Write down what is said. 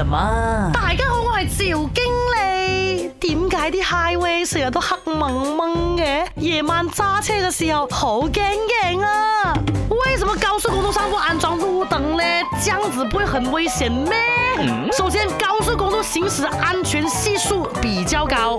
什麼大家好，我係趙經理。點解啲 highway 成日都黑矇矇嘅？夜晚揸車嘅時候好驚驚啊！為什麼高速公路上不安裝路燈呢？這樣子不會很危險咩？首先，高速公路行駛安全係數比較高，